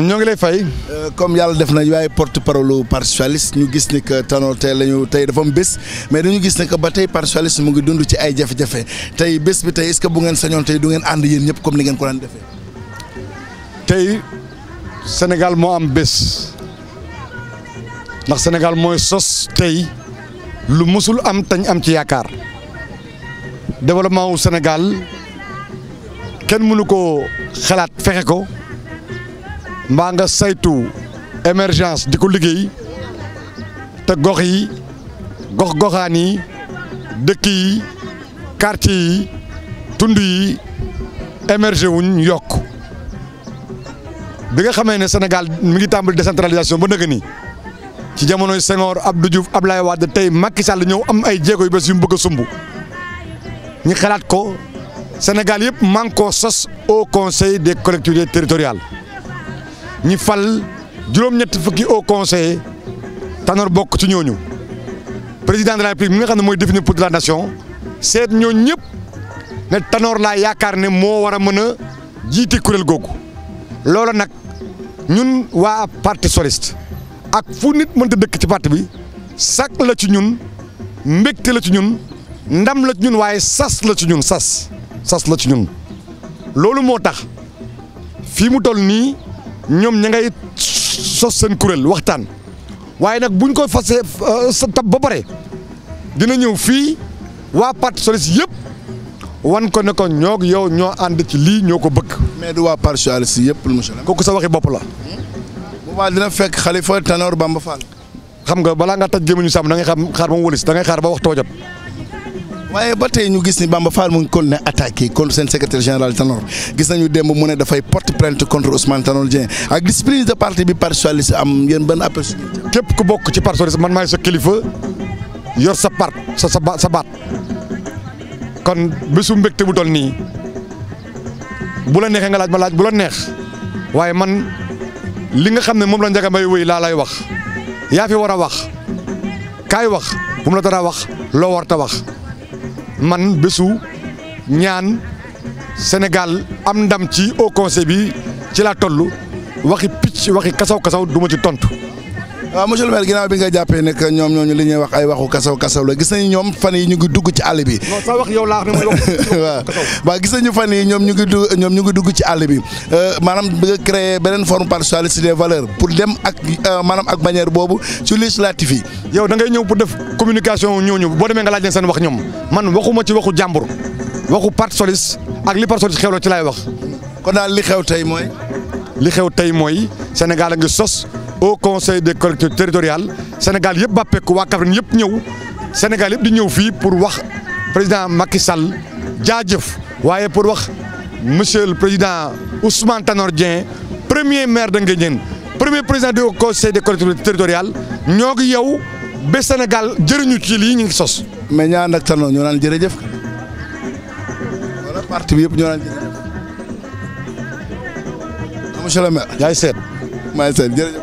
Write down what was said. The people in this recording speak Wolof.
ñoo ngi lay fay. Euh, comme yàlla def na yaay porte parole parti socialiste ñu gis ni que Tanor tey lañu tey dafa mu bés mais dañu gis ne que ba tey parti socialiste mu ngi dund ci ay jafe-jafe tey bés bi tey est-ce bu ngeen sañoon tey du ngeen ànd yéen ñëpp comme ni ngeen ko daan defee. tey Sénégal moo am bés ndax Sénégal mooy sos tey lu musul am tañ am ci yaakaar développement wu Sénégal kenn mënu ko xalaat fexe ko. mbaa nga saytu émergence di ko liggéey te gox yi gox goxaan yi dëkk yi quartier yi tund yi émerger wuñ yokk bi nga xamee ne Sénégal mi ngi tàmbali décentralisation ba nëgë ni ci jamonoy ab Senghor ab Diouf Ablaye Wade tey Macky Sall ñëw am ay jéego yu bés yu mu bëgg sumb ñu xalaat ko Sénégal yëpp man koo sos au conseil des collectivités territoriales ñi fal juróom-ñett fukki au conseil Tanor bokk ci ñooñu président de la République mi nga xam ne mooy définir pour de la nation seet ñooñu ñëpp ne tanoor laa yaakaar ne moo war a mën a jiite kuréel googu loola nag ñun waa parti soliste ak fu nit mënta dëkk ci parti bi sax la ci ñun mbégte la ci ñun ndam la ci ñun waaye sas la ci ñun sas sas la ci ñun loolu moo tax fii mu toll nii. ñoom ña ngay sos seen kuréel waxtaan waaye nag buñ ko fasee euh, sa tab ba pare dina ñëw fii waa parti socialiste yëpp wan ko ne ko ñoog yow ñoo ànd ci lii ñoo ko bëgg. mais du waa parti socialiste yëpp monsieur le kooku sa waxi bopp la. Hmm? boobaa dina fekk Khalifa Tanor Bamba Fall. xam nga balaa nga taj gémmiñu sàmm da ngay xam xaar ba mu wëlis da ngay xaar ba waxtu jot. waaye ba tey ñu gis ni Bamba Fall mu ngi kon ne attaqué contre seen secrétaire général Tanor gis nañu démb mu ne dafay porte plainte contre Ousmane Tanor Dieng ak discipline de parti bi parti socialiste am yéen benn appel su képp ku bokk ci parti socialiste man maay sa kilifa yor sa part sa sa sa baat kon bésu mbégte bu toll nii bu la neexee nga laaj ma laaj bu la neex waaye man li nga xam ne moom la Ndiaga Mbaye wéy laa lay wax yaa fi war a wax kaay wax bu mu la dara wax loo warta wax. man bésu ñaan Sénégal am ndam ci Haut Conseil bi ci laa toll waxi picc waxi kasaw kasaw du ma ci tontu. waaw monsieur le maire ginnaaw bi nga jàppee ne ñoom ñooñu li ñuy wax ay waxu kasaw kasaw la gis nañu ñoom fan yi ñu ngi dugg ci àll bi. non sa wax yow laa xam gis nañu fan yi ñoom ñu ngi dugg ñoom ñu ngi dugg ci àll bi euh, maanaam bëgg a créer beneen forme parti socialiste des valeurs pour dem ak euh, maanaam ak bannière boobu ci législatif yi. yow dangay ñëw pour def communication ñooñu boo demee nga laaj leen seen wax ñoom man waxuma ci waxu jàmbur waxu parti socialiste ak li parti socialiste xewloo ci laay wax. kon daal li xew tey mooy. li xew tey mooy Sénégal a ngi sos au conseil des collectivités territoriales Sénégal yëpp bàppeeku waa Kaffrine yëpp ñëw Sénégal yëpp di ñëw fii pour wax président Macky Sall jaajëf waaye pour wax monsieur le président Ousmane Tanor Dieng premier maire de Nguéniène premier président du conseil des collectivités territoriales ñoo ngi yow ba Sénégal jëriñu ci lii ñu sos. mais ñaan nag Tanor ñoo naan jërëjëf wala parti bi yëpp ñoo naan jërëjëf monsieur le maire. yaay seet maay seet jërëjëf.